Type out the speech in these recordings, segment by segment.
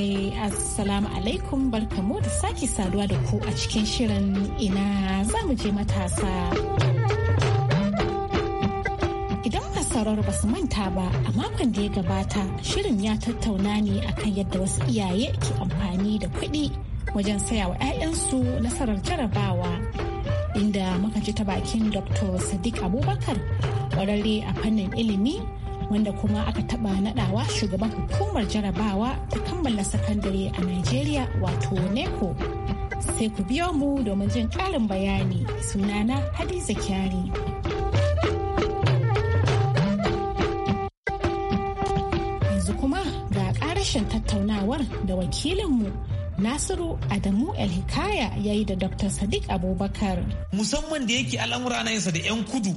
saurare assalamu alaikum barkamu da sake saduwa da ku a cikin shirin ina za mu je matasa. Idan sauraro ba su manta ba a makon da ya gabata shirin ya tattauna ne akan yadda wasu iyaye ke amfani da kuɗi wajen saya wa 'ya'yansu nasarar jarabawa inda muka ji ta bakin dr sadiq abubakar ƙwararre a fannin ilimi wanda kuma aka taba nadawa shugaban hukumar jarabawa ta kammala sakandare a Nigeria, wato NECO. Sai ku biyo mu domin jin ƙarin bayani sunana Hadiza Kyari. Yanzu kuma ga ƙarashin tattaunawar da wakilinmu Nasiru Adamu El-Hikaya ya yi da Dr. Sadiq Abubakar. Musamman da yake al'amura na yinsa da 'yan kudu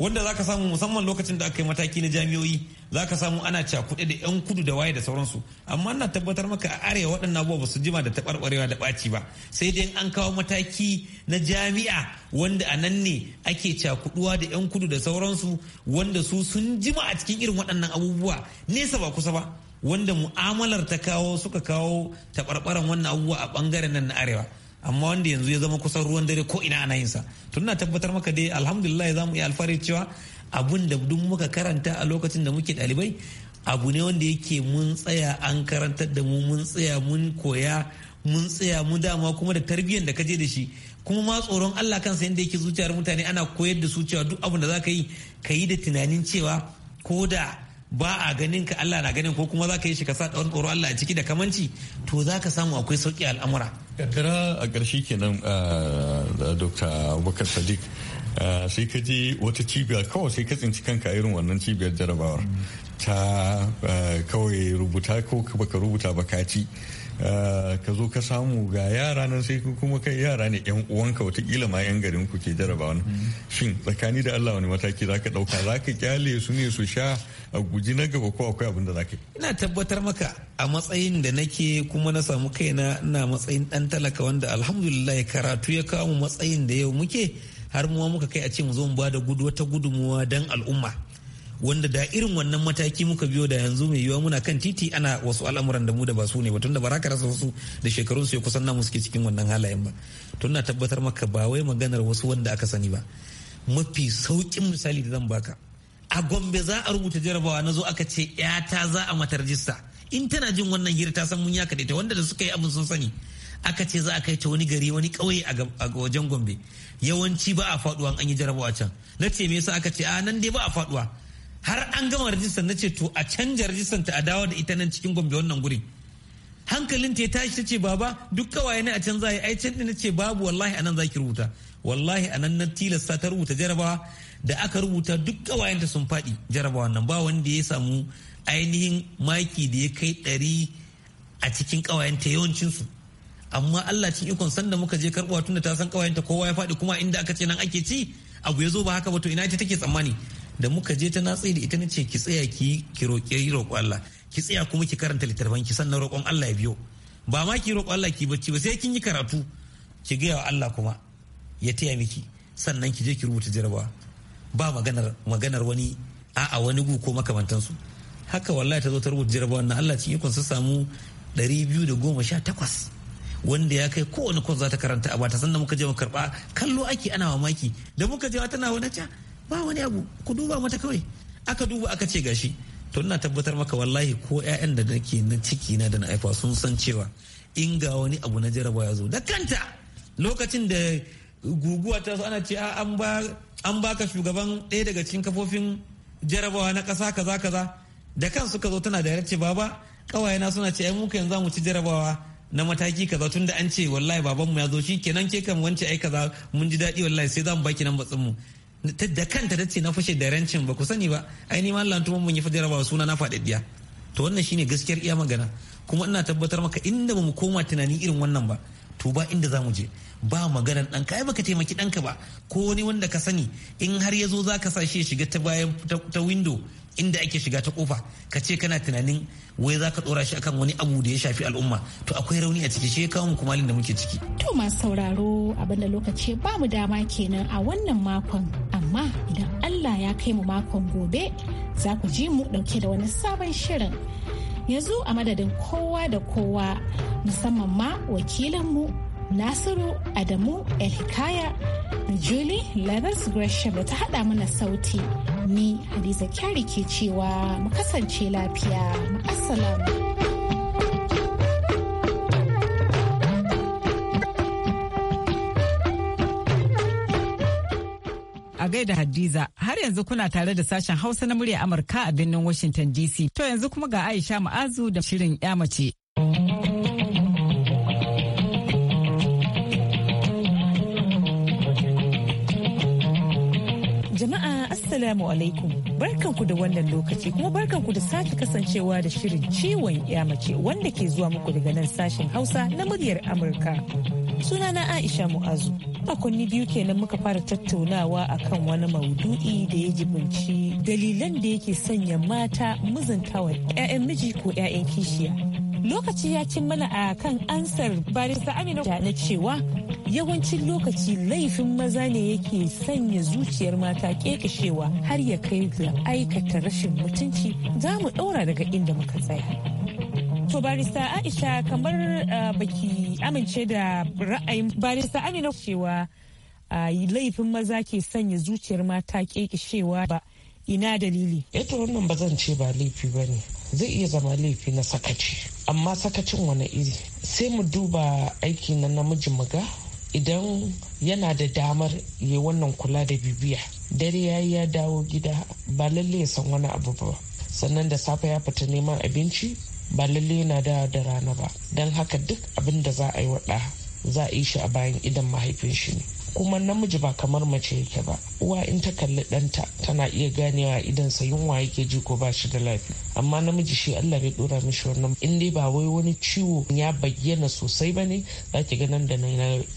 wanda zaka samu musamman lokacin da aka yi mataki na jami'oi zaka samu ana cakuɗe da yan kudu da waye da sauransu amma ana tabbatar maka a arewa waɗannan abubuwa ba su jima da taɓarɓarewa da ɓaci ba sai dai an kawo mataki na jami'a wanda a nan ne ake cakuɗuwa da yan kudu da sauransu wanda su sun jima a cikin irin waɗannan abubuwa nesa ba kusa ba wanda mu'amalar ta kawo suka kawo taɓarɓaran wannan abubuwa a ɓangaren nan na arewa amma wanda yanzu ya zama kusan ruwan dare ko ina ana sa tun na tabbatar maka dai alhamdulillah za mu iya alfahari cewa abun da duk muka karanta a lokacin da muke ɗalibai abu ne wanda yake mun tsaya an karanta da mu mun tsaya mun koya mun tsaya mu dama kuma da tarbiyyar da kaje da shi kuma ma tsoron Allah kansa yadda yake zuciyar mutane ana koyar da su cewa duk abun da za ka yi ka yi da tunanin cewa ko da ba a ganin ka Allah na ganin ko kuma za ka yi shi ka sa ɗan tsoro Allah a ciki da kamanci to za ka samu akwai sauƙi al'amura. Kankara a ƙarshe kenan uh, Dr. Abubakar Sadiq uh, sai ka je wata cibiyar kawai sai ka tsinci kanka irin wannan cibiyar jarabawar ta uh, kawai rubuta ko baka rubuta ba ka ci. Eh, ka zo ka samu ga yara nan sai kuma kai yara ne yan uwanka watakila ma yan garin ku ke jaraba wani mm. shin tsakani da Allah wani mataki za ka ɗauka kyale su ne su sha a guji na gaba ko akwai abin da za yi. ina tabbatar maka a matsayin da nake kuma na samu kaina ina matsayin ɗan talaka wanda alhamdulillah karatu ya kawo mu matsayin da yau muke har muwa muka kai a ce mu zo mu ba da gudu wata gudunmuwa don al'umma. wanda da irin wannan mataki muka biyo da yanzu mai yiwuwa muna kan titi ana wasu al'amuran da mu da ba su ne ba tunda ba za ka rasa wasu da shekarun su ya kusan namu suke cikin wannan halayen ba tun na tabbatar maka ba wai maganar wasu wanda aka sani ba mafi sauƙin misali da zan baka a gombe za a rubuta jarabawa na zo aka ce yata za a mata rajista in tana jin wannan hira ta san mun ya kaɗe wanda da suka yi abin sun sani aka ce za a kai ta wani gari wani ƙauye a wajen gombe yawanci ba a faɗuwa an yi jarabawa can na ce me yasa aka ce a nan dai ba a faɗuwa. har an gama rajistan na ce to a canja rajistan ta a dawo da ita nan cikin gombe wannan gurin hankalin ta ya tashi ta ce baba duk kawai ne a can zai ai can na ce babu wallahi anan zaki rubuta wallahi anan na tilasta ta rubuta jarabawa da aka rubuta duk kawayenta sun faɗi jarabawa nan ba wanda ya samu ainihin maki da ya kai ɗari a cikin kawayenta su amma Allah cin ikon sanda muka je karbuwa tunda ta san kawayenta kowa ya faɗi kuma inda aka ce nan ake ci abu ya zo ba haka ba to ina ita take tsammani da muka je ta natsi da ita na ce ki tsaya ki ki roƙe roƙo Allah ki tsaya kuma ki karanta littattafan ki sannan roƙon Allah ya biyo ba ma ki roƙo Allah ki bacci ba sai kin yi karatu ki gaya wa Allah kuma ya taya miki sannan ki je ki rubuta jarabawa ba maganar maganar wani a'a wani gu ko makamantansu haka wallahi ta zo ta rubuta jarabawa na Allah cikin ikon su samu 218 wanda ya kai kowane kwan za ta karanta a bata sannan muka je mu karba kallo ake ana mamaki da muka je tana wani ca ba wani abu ku duba mata kawai aka duba aka ce gashi to ina tabbatar maka wallahi ko ƴaƴan da nake na ciki na da na aifa sun san cewa in ga wani abu na jaraba ya zo da kanta lokacin da guguwa ta so ana ce an ba an baka shugaban ɗaya daga cikin kafofin jarabawa na ƙasa kaza kaza da kan suka zo tana da yarace baba na suna ce ai muka yanzu mu ci jarabawa na mataki kaza tun da an ce wallahi babanmu ya zo shi kenan ke kan wance ai kaza mun ji daɗi wallahi sai zamu baki nan batsin mu da kanta ta ce na fashe da rancin ba ku sani ba ai ni mallan tumun mun yi fadira ba suna na faɗaɗɗiya to wannan shine gaskiyar iya magana kuma ina tabbatar maka inda ba mu koma tunani irin wannan ba to ba inda za mu je ba maganar dan kai baka taimaki ɗanka ba ko wani wanda ka sani in har ya zo za sa shi shiga ta bayan ta window inda ake shiga ta kofa ka ce kana tunanin wai za ka dora shi akan wani abu da ya shafi al'umma to akwai rauni a ciki shi ya kawo mu kumalin da muke ciki. To masu sauraro abinda lokaci ba mu dama kenan a wannan makon amma idan Allah ya kai mu makon gobe za ku ji mu ɗauke da wani sabon shirin. Yanzu a madadin kowa da kowa musamman ma wakilanmu Nasiru Adamu Elhikaya da Julie Leathers Gresham da ta haɗa mana sauti. Ni Hadiza Kyari ke cewa mu kasance lafiya. mu assalamu. gaida Hadiza har yanzu kuna tare da sashen Hausa na murya Amurka a birnin Washington DC. To yanzu kuma ga Aisha Ma'azu da shirin mace. Jama'a Assalamu alaikum barkanku da wannan lokaci kuma barkanku da sake kasancewa da shirin ciwon mace wanda ke zuwa muku daga nan sashen Hausa na muryar Amurka. sunana aisha mu'azu makonni biyu kenan muka fara tattaunawa akan wani maudu'i da ya jibinci dalilan da yake sanya mata muzantawa 'ya'yan miji ko 'ya'yan kishiya lokaci ya cin mana a kan ansar barista amina na cewa yawancin lokaci laifin maza ne yake sanya zuciyar mata kekashewa har ya kai ga aikata rashin mutunci za mu ɗaura daga inda muka tsaya To barista Aisha kamar uh, baki amince da ra'ayin barista Amina cewa uh, laifin maza ke sanya zuciyar mata kekishewa ba ina dalili. Eto eh wannan ba zan ce ba laifi ba ne zai iya zama laifi na sakaci amma sakacin wani iri sai mu duba aiki na namiji muga idan yana da damar ya wannan kula da bibiya dare ya ya dawo gida ba lalle ya san wani abu ba sannan da safe ya fita neman abinci ba lalle yana da da rana ba don haka duk abin da za a yi waɗa za a yi shi a bayan idan mahaifin shi ne kuma namiji ba kamar mace yake ba uwa in ta kalli ɗanta tana iya ganewa idan sa yunwa yake ji ko ba shi da lafiya amma namiji shi Allah bai dora mishi wannan in dai ba wai wani ciwo ya bayyana sosai ba ne za ki ga da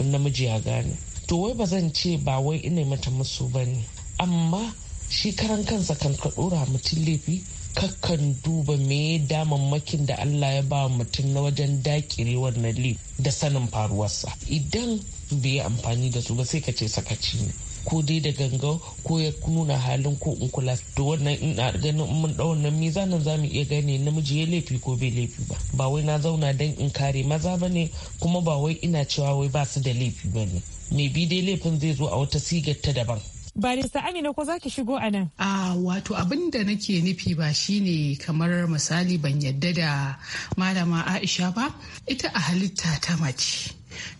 namiji ya gane to wai ba zan ce ba wai ina mata musu ba ne amma shi karan kansa kan ka dora mutum laifi kakan duba me damammakin da Allah ya ba mutum na wajen dakile wannan lif da sanin faruwarsa idan bai yi amfani da su ba sai ka ce sakaci ne ko dai da ganga ko ya nuna halin ko in kula to wannan in a ganin mun da wannan me za mu iya gane namiji ya laifi ko bai laifi ba ba wai na zauna dan in kare maza ba ne kuma ba wai ina cewa wai ba su da laifi ba ne me bi dai laifin zai zo a wata sigar ta daban barista amina ko za ki shigo a nan a wato abin da nake nufi ba shine kamar misali ban yadda da malama aisha ba ita a halitta ta mace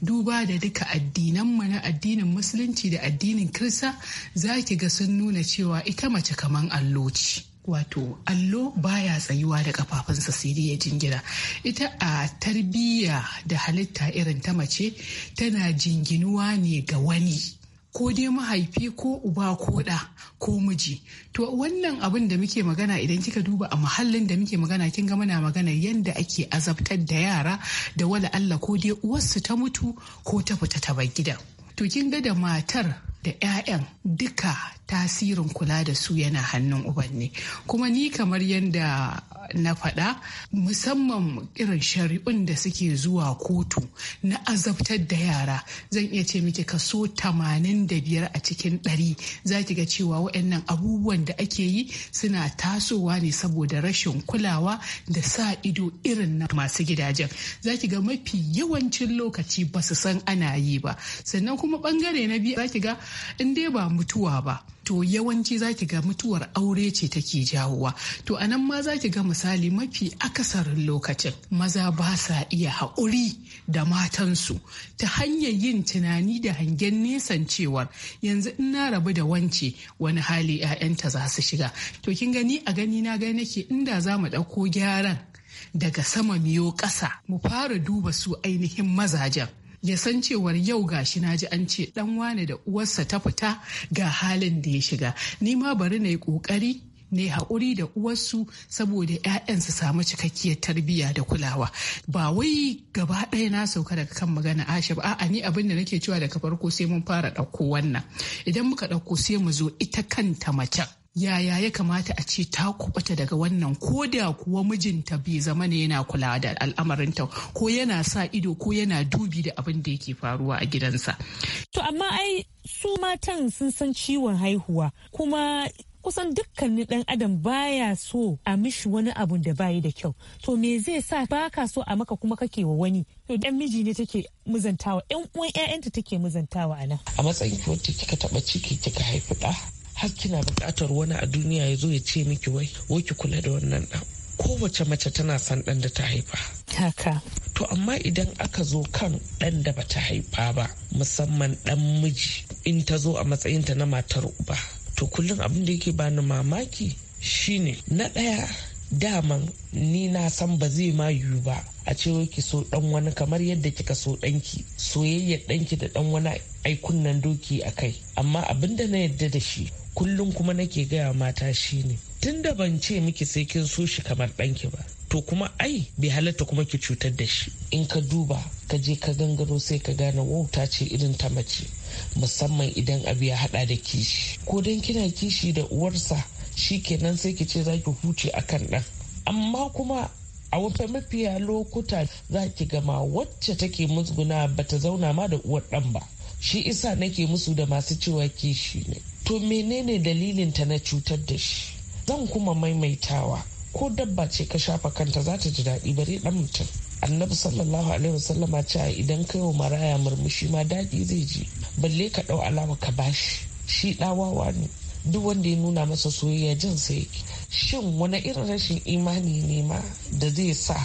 duba da duka addinanmu na addinin musulunci da addinin kirista za ki ga sun nuna cewa ita mace kaman allo ce wato allo baya tsayuwa da kafafunsa sai ya jingina. ita a tarbiyya da halitta irin ta mace tana jinginuwa ne ga wani ko dai mahaifi ko uba ko ɗa ko miji to wannan abin da muke magana idan kika duba a muhallin da muke magana kin ga muna magana yanda ake azabtar da yara da wala Allah ko dai uwarsu ta mutu ko ta fita ta bar gida. to kin ga da matar da 'ya'yan duka tasirin kula da su yana hannun uban ne kuma ni kamar yadda na faɗa musamman irin shari'un da suke zuwa kotu na azabtar da yara zan iya ce miki kaso 85 a cikin 100 za ki ga cewa waɗannan abubuwan da ake yi suna tasowa ne saboda rashin kulawa da sa ido irin na masu gidajen za ki ga mafi yawancin lokaci ba su san ana yi ba sannan kuma ɓangare na biyu za ki ga in dai ba mutuwa ba to yawanci za ki ga mutuwar aure ce take jawowa to a nan ma za ki ga misali mafi akasarin lokacin maza ba sa iya haƙuri da matansu ta hanyar yin tunani da hangen nesan cewar yanzu in na rabu da wance wani hali 'ya'yanta za su shiga to kin gani a gani na gani nake inda za mu ɗauko gyaran daga sama miyo ƙasa mu fara duba su ainihin mazajen ya san cewar yau gashi na ji an ce dan wane da uwarsa ta fita ga halin da ya shiga ni ma bari na yi kokari ne haƙuri da uwarsu saboda 'ya'yan su samu cikakkiyar tarbiyya da kulawa ba wai gaba ɗaya na sauka daga kan magana ashe ba a'a ni abin da nake cewa daga farko sai mun fara ɗauko wannan idan muka ɗauko sai mu zo ita kanta macen yaya ya kamata a ce ta kubata daga wannan ko da kuwa mijinta bai zama ne yana kula da al'amarinta ko yana sa ido ko yana dubi da abin da yake faruwa a gidansa. To amma ai su matan sun san ciwon haihuwa kuma kusan dukkanin dan adam baya so a mishi wani abun da bayi da kyau to me zai sa baka so a maka kuma kake wa wani to dan miji ne take muzantawa yan uwan ƴaƴanta take muzantawa a nan a matsayin ko take kika taba ciki kika haifi da kina buƙatar wani a duniya ya zo ya ce miki wai ki kula da wannan ɗan kowace mace tana san ɗan da ta haifa. Haka. To amma idan aka zo kan ɗan da bata haifa ba musamman ɗan miji in ta zo a matsayinta na matar uba. To kullum abin da yake bani mamaki shine na ɗaya daman ni na san ba zai ma yiwu ba a ce ki so ɗan wani kamar yadda kika so ɗanki soyayyar ɗanki da ɗan wani aikunnan doki a kai amma abin da na yadda da shi kullum kuma nake gaya mata shine tun da ban ce miki sai kin so shi kamar ɗanki ba to kuma ai bai halatta kuma ki cutar da shi in ka duba ka je ka gangaro sai ka gane wauta ce irin ta mace musamman idan abu ya hada da kishi ko dan kina kishi da uwarsa shi kenan sai ki ce za ki huce akan ɗan amma kuma a wata mafiya lokuta za ki gama wacce take musguna bata zauna ma da uwar ɗan ba shi isa nake musu da masu cewa kishi ne to menene dalilin ta na cutar da shi zan kuma maimaitawa ko dabba ce ka shafa kanta za ta ji daɗi bari ɗan mutum annabi sallallahu alaihi wasallama ce idan ka yi wa maraya murmushi ma daɗi zai ji balle ka ɗau alama ka bashi shi ɗawawa ne duk wanda ya nuna masa soyayya jin sai shin wani irin rashin imani ne ma da zai sa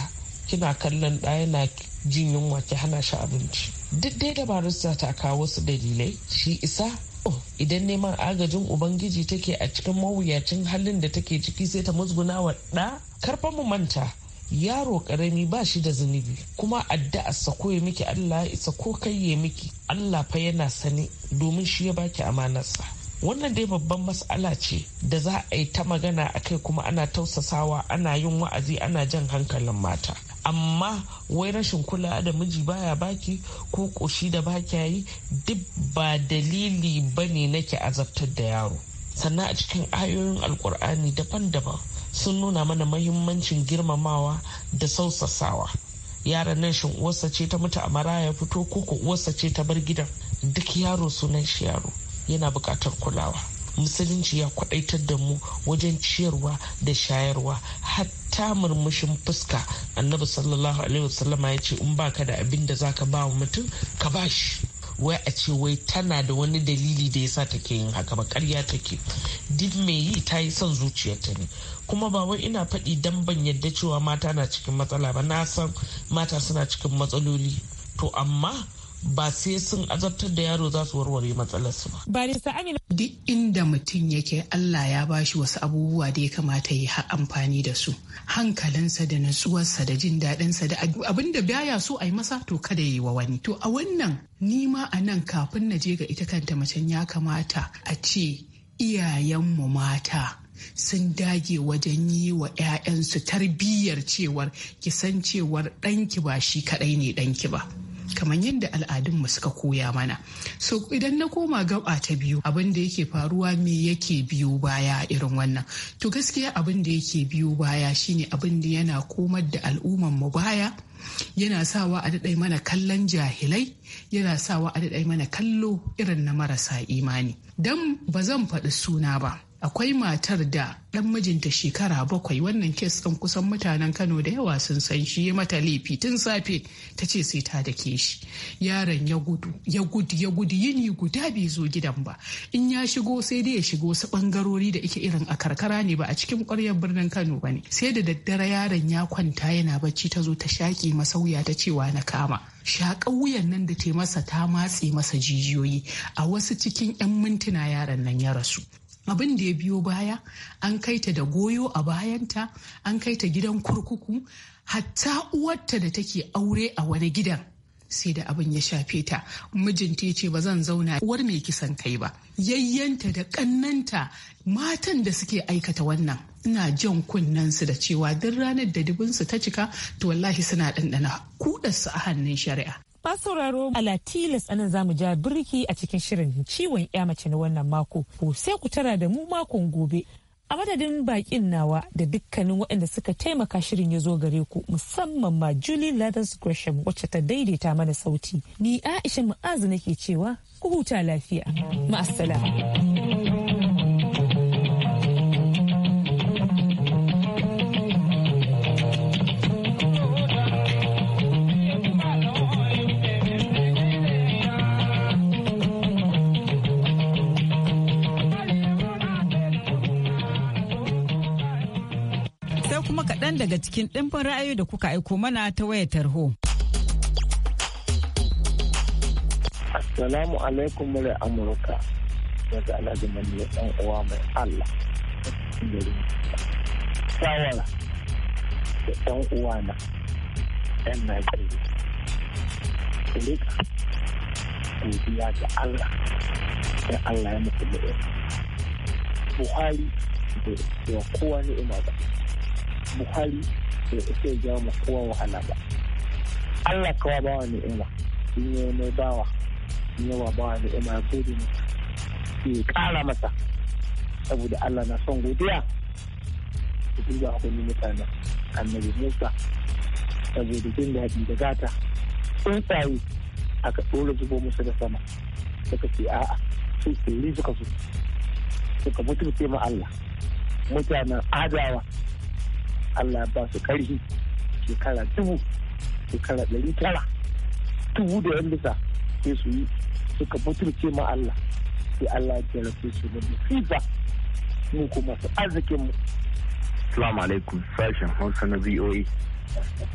kina kallon ɗaya na jin yunwa ki hana shi abinci duk dai dabarun za ta kawo su dalilai shi isa Oh, idan neman agajin ubangiji take a cikin mawuyacin halin da take ciki sai ta musguna wa ɗa karfa mu manta yaro karami ba shi da zunubi kuma addu'arsa ko ya miki allah ya isa ko kai ya miki allah fa yana sani domin shi ya baki amanarsa wannan dai babban mas'ala ce da za a yi ta magana a kai kuma ana tausasawa ana yin wa'azi ana jan hankalin mata amma wai rashin kula da miji baya baki ko koshi da baki yi duk ba dalili bane nake azabtar da yaro sannan a cikin ayoyin alkur'ani daban-daban sun nuna mana mahimmancin girmamawa da sausasawa yaran nan shin uwarsa ce ta mutu a mara ya fito ko ko uwarsa ce ta bar gidan duk yaro sunan shi yaro yana buƙatar kulawa musulunci ya kwadaitar da mu wajen ciyarwa da shayarwa hatta murmushin fuska annabi sallallahu alaihi wasallama ya ce in baka da abin da zaka ba wa mutum ka ba shi. wai a ce wai tana da wani dalili da yasa take yin haka ba karya take duk me yi ta yi son zuciyarta ne kuma ba wai ina faɗi dan ban yadda cewa mata na cikin matsala ba na san mata suna cikin matsaloli to amma ba sai sun azabtar da yaro za su warware matsalarsu ba. Barista Amina. Duk inda mutum yake Allah ya bashi wasu abubuwa da ya kamata ya ha amfani da su. Hankalinsa da natsuwarsa da jin daɗinsa da abin da baya so a yi masa to kada ya yi wa wani. To a wannan nima a nan kafin na je ga ita kanta macen ya kamata a ce iyayenmu mata sun dage wajen yi wa 'ya'yansu tarbiyyar cewar ki san cewar ɗanki ba shi kaɗai ne ɗanki ba kamar yadda al'adunmu suka koya mana so idan na koma gaba ta biyu abin da yake faruwa me yake biyo baya irin wannan to gaskiya abin da yake biyo baya shine abin da yana komar da al'umman mu baya yana sawa a daɗai mana kallon jahilai yana sawa a daɗai mana kallo irin na marasa imani don ba zan faɗi suna ba akwai matar da dan mijinta shekara bakwai wannan kes ɗin kusan mutanen kano da yawa sun san shi ya mata laifi tun safe ta ce sai ta dake shi yaron ya gudu ya gudu ya gudu yini guda bai zo gidan ba in ya shigo sai dai ya shigo wasu bangarori da ike irin a karkara ne ba a cikin ƙwaryar birnin kano ba ne sai da daddare yaron ya kwanta yana bacci ta zo ta shaƙe masauya ta cewa na kama shaƙa wuyan nan da ta masa ta matse masa jijiyoyi a wasu cikin 'yan mintuna yaron nan ya rasu abin da ya biyo baya an kai ta da goyo a bayanta an kai ta gidan kurkuku hatta uwarta da take aure a wani gidan sai da abin ya shafe ta mijinta ya ce ba zan zauna uwar mai kisan kai ba yayyanta da kannanta matan da suke aikata wannan ina jan kunnensu da cewa duk ranar da dubinsu ta cika to wallahi suna ɗanɗana kudarsu a hannun shari'a Ba sauraro ala tilas anan zamu ja birki a cikin shirin ciwon ya mace na wannan mako. Ko sai ku tara da mu makon gobe. A madadin bakin nawa da dukkanin waɗanda suka taimaka shirin ya zo gare ku musamman ma Julie Lathers Gresham wacce ta daidaita mana sauti. Ni Aisha Mu'azu nake cewa ku huta lafiya. ma'asala. kuma kaɗan daga cikin ɗimbin ra'ayoyi da kuka aiko mana ta wayar tarho. Assalamu alaikum murai Amurka daga Alhaji Maliya ɗan uwa mai Allah. Shawara da ɗan uwa na ɗan Najeriya. Kulika godiya da Allah da Allah ya mutu da Buhari da kowa ni'ima ba. buhari da ita ja mu kowa wahala ba allah kawa bawa ni'ima in yi mai bawa in yawa bawa ni'ima ya gode ne ke kara masa saboda allah na son godiya ku duba wani mutane annabi musa saboda jin daɗi da gata a aka ɗora zubo musu da sama suka ce a'a su tsiri suka so suka mutunce ma allah mutanen adawa Allah ba su karfi shekara dubu shekara ɗari tara dubu da yan bisa sai su yi suka mutunce ma Allah sai Allah ya jarabe su da musiba mu kuma su arzikin mu Assalamu alaikum sashen Hausa na VOA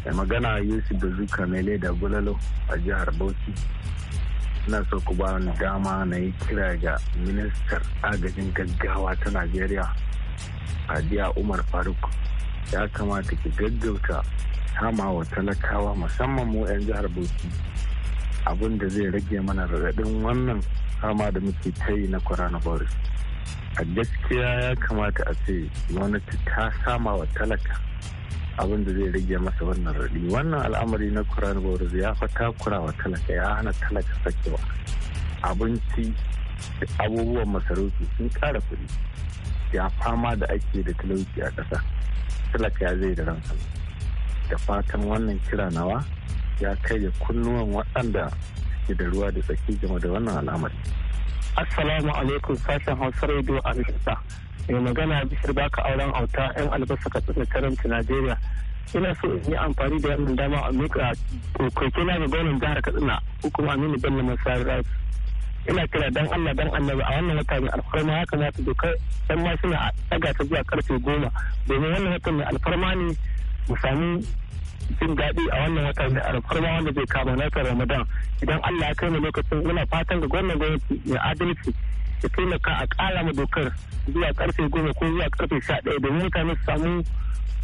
Da magana Yusuf da Zuka, mai da Bulalo a jihar Bauchi ina so ku ba ni dama na yi kira ga ministar agajin gaggawa ta Najeriya Adiya Umar Faruk ya kamata ki gaggauta sama wa talakawa musamman mu 'yan jihar bauchi abin da zai rage mana raɗaɗin wannan fama da muke ta yi na coronavirus a gaskiya ya kamata a ce gwamnati ta sama wa talaka abin da zai rage masa wannan raɗi wannan al'amari na coronavirus ya fa takura wa talaka ya hana talaka sakewa abinci da abubuwan masarufi sun ƙara kuɗi ya fama da ake da talauci a ƙasa talaka ya zai da ransa da fatan wannan kira nawa ya kai da kunnuwan waɗanda ke da ruwa da tsaki game da wannan al'amari assalamu alaikum sashen hausa radio amurka mai magana bishir baka auren auta yan albasa ka tsina karanta najeriya ina so in yi amfani da wannan dama a miƙa kokokina ga gwamnan jihar katsina ko kuma aminu bello masarar ina kira dan Allah dan annabi a wannan wata mai alfarma ya kamata dokar dan ma a daga ta zuwa karfe goma domin wannan wata mai alfarma ne mu sami jin daɗi a wannan wata mai alfarma wanda zai kama na ramadan idan Allah ya kai mu lokacin muna fatan ga gwamnan gwamnati mai adalci su taimaka a ƙara ma dokar zuwa karfe goma ko zuwa karfe sha ɗaya domin mutane su samu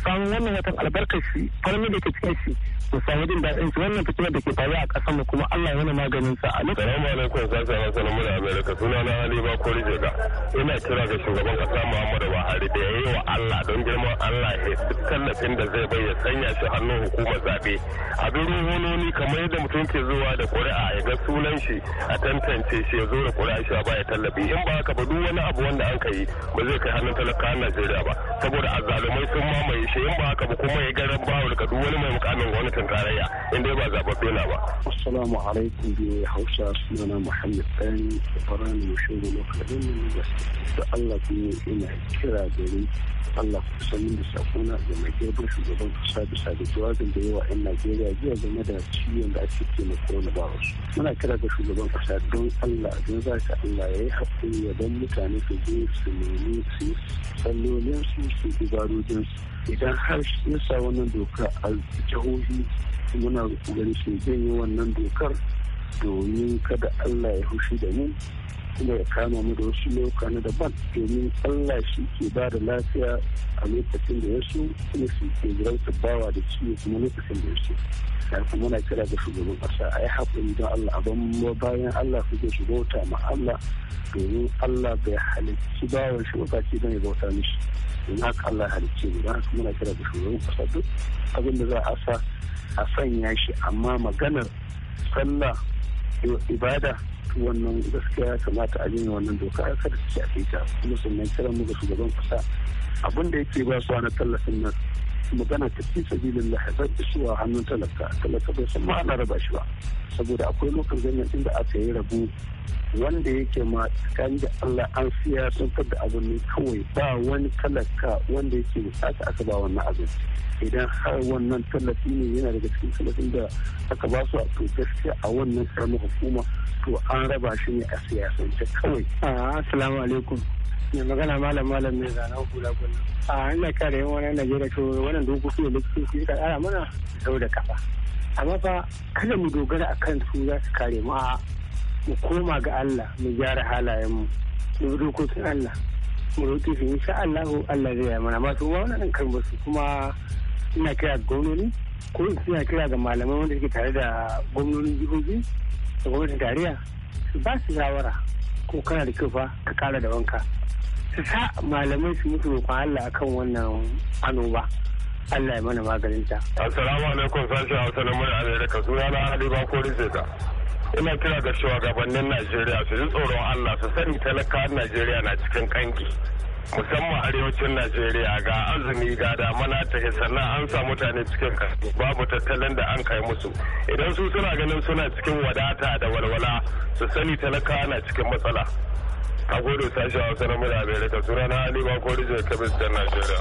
samun wannan watan albarkar shi farmi da ke cikin shi mu samu jin daɗin shi wannan fitina da ke faruwa a ƙasar mu kuma Allah yana maganin sa a lokacin. Salamu alaikum sasa na sanar da suna na Ali ba kori jega ina kira ga shugaban ƙasa Muhammadu Buhari da ya yi wa Allah don girman Allah ya tallafin da zai bai ya sanya shi hannun hukumar zaɓe a durin hononi kamar yadda mutum ke zuwa da ƙuri'a ya ga sunan shi a tantance shi ya zo da ƙuri'a shi ba ya tallafi in ba haka ba duk wani abu wanda an yi ba zai kai hannun talakawan Najeriya ba saboda azzalumai sun mamaye shi in ba haka ba kuma ya garan bawa ka duk wani mai mukamin gwamnatin tarayya in dai ba zababbe na ba. Assalamu alaikum bi Hausa sunana Muhammad Sani Farani Mushin Lokacin da da Allah ku ina kira gare Allah ku sanin da sakona da mai girban shugaban kasa bisa da jawabin da yawa 'yan Najeriya jiya game da ciwon da ake ke na coronavirus. Muna kira ga shugaban kasa don Allah don za ka Allah ya yi haƙuri ya don mutane su je su nemi su sallolin su su idan har ya sa wannan doka a jihohi muna gani su yi wannan dokar domin kada Allah ya hushi da mu kuma ya kama mu da wasu lokuta na daban domin Allah shi ke ba da lafiya a lokacin da yasu kuma shi ke zirautar bawa da ciwo kuma lokacin da yasu kafin muna kira ga shugaban ƙasa a yi haƙuri don Allah abin bayan Allah suke shi bauta ma Allah domin Allah bai halicci bawan shi wakaci don ya bauta mishi don haka Allah ya halicci mu don haka muna kira ga shugaban ƙasa duk abin da za a sa a sanya shi amma maganar sallah ibada wannan gaskiya ya kamata a yin wannan doka a kada su shafe ta kuma sannan kiran mu ga shugaban kusa abin da yake ba su na tallafin nan magana ta fi sabilin lahazar isuwa hannun talaka talaka bai san ma'ana raba shi ba saboda akwai lokacin ganyen inda aka yi rabu wanda yake ma tsakanin da allah an siya sun da abin ne kawai ba wani talaka wanda yake bukata aka ba wannan abin idan har wannan tallafi ne yana daga cikin tallafin da aka ba su a to gaskiya a wannan karamin hukuma to an raba shi ne a siyasance kawai. assalamu alaikum mai magana malam malam mai zana hula gullu a ina kare yan wani najeriya to wannan dokoki da likitoci ka kara mana sau da kafa amma fa kada mu dogara a kan su za su kare mu a mu koma ga allah mu gyara halayen mu mu dokokin allah mu roƙi su insha allahu allah zai yi mana amma su wannan kan basu kuma ina kira ga gwamnoni ko suna kira ga malamai wanda suke tare da gwamnonin jihohi da gwamnatin tarayya su ba su shawara ko kana da kyau fa ka kara da wanka su sa malamai su musu roƙon Allah akan wannan annoba. Allah ya mana maganinta. Assalamu alaikum sashi Hausa na murya Amerika suna na Ali Bakori Zeta. Ina kira ga shugabannin Najeriya su ji tsoron Allah su sani talakawan Najeriya na cikin kanki. Musamman arewacin Najeriya ga azumi ga damana ta sannan an sa mutane cikin kasu babu tattalin da an kai musu. Idan su suna ganin suna cikin wadata da walwala su sani talakawa na cikin matsala. a gode sashen hausa na mura amerika suna na ali ba ko rijiyar kebis ta najeriya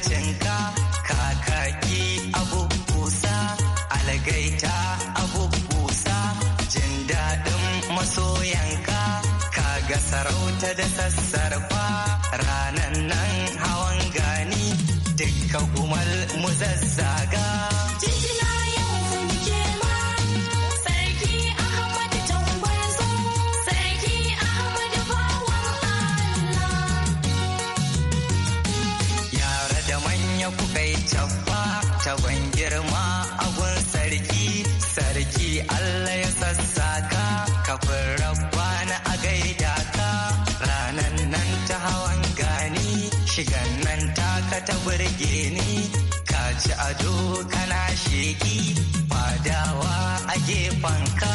cinka kakaki abu kusa algaita abu kusa jin daɗin masoyanka kaga sarauta da sassarfa ranan nan ka ta burge ni ka ci ado kana sheki fadawa a gefen ka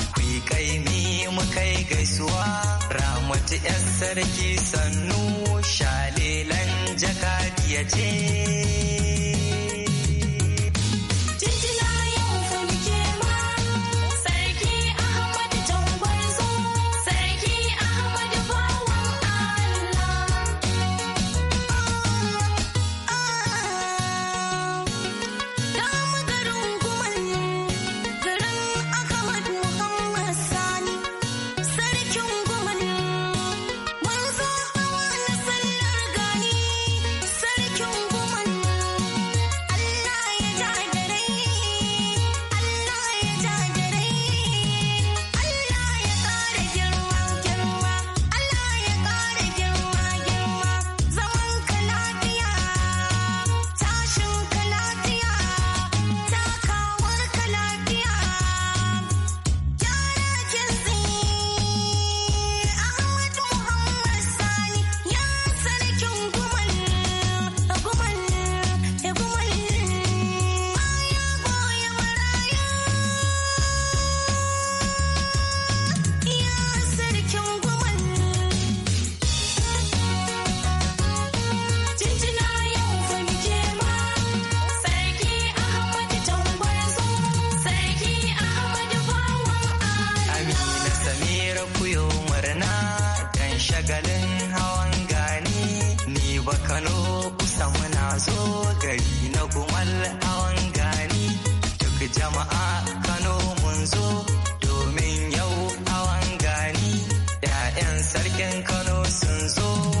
kaimi mu kai gaisuwa ramatu yar sarki sannu shalelan jakadiya ce 'ya'yan sarkin Kano sun zo.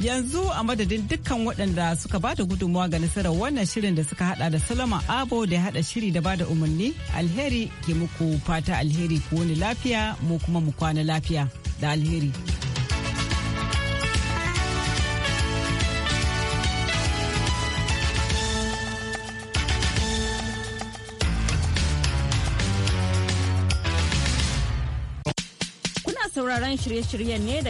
yanzu a madadin dukkan waɗanda suka ba da gudunmawa ga nasarar wannan shirin da suka hada da salama abo da ya hada shiri da ba da umarni alheri ke muku fata alheri ku wani lafiya mu kuma mu kwana lafiya da alheri Kuna sauraron shirye-shiryen ne daga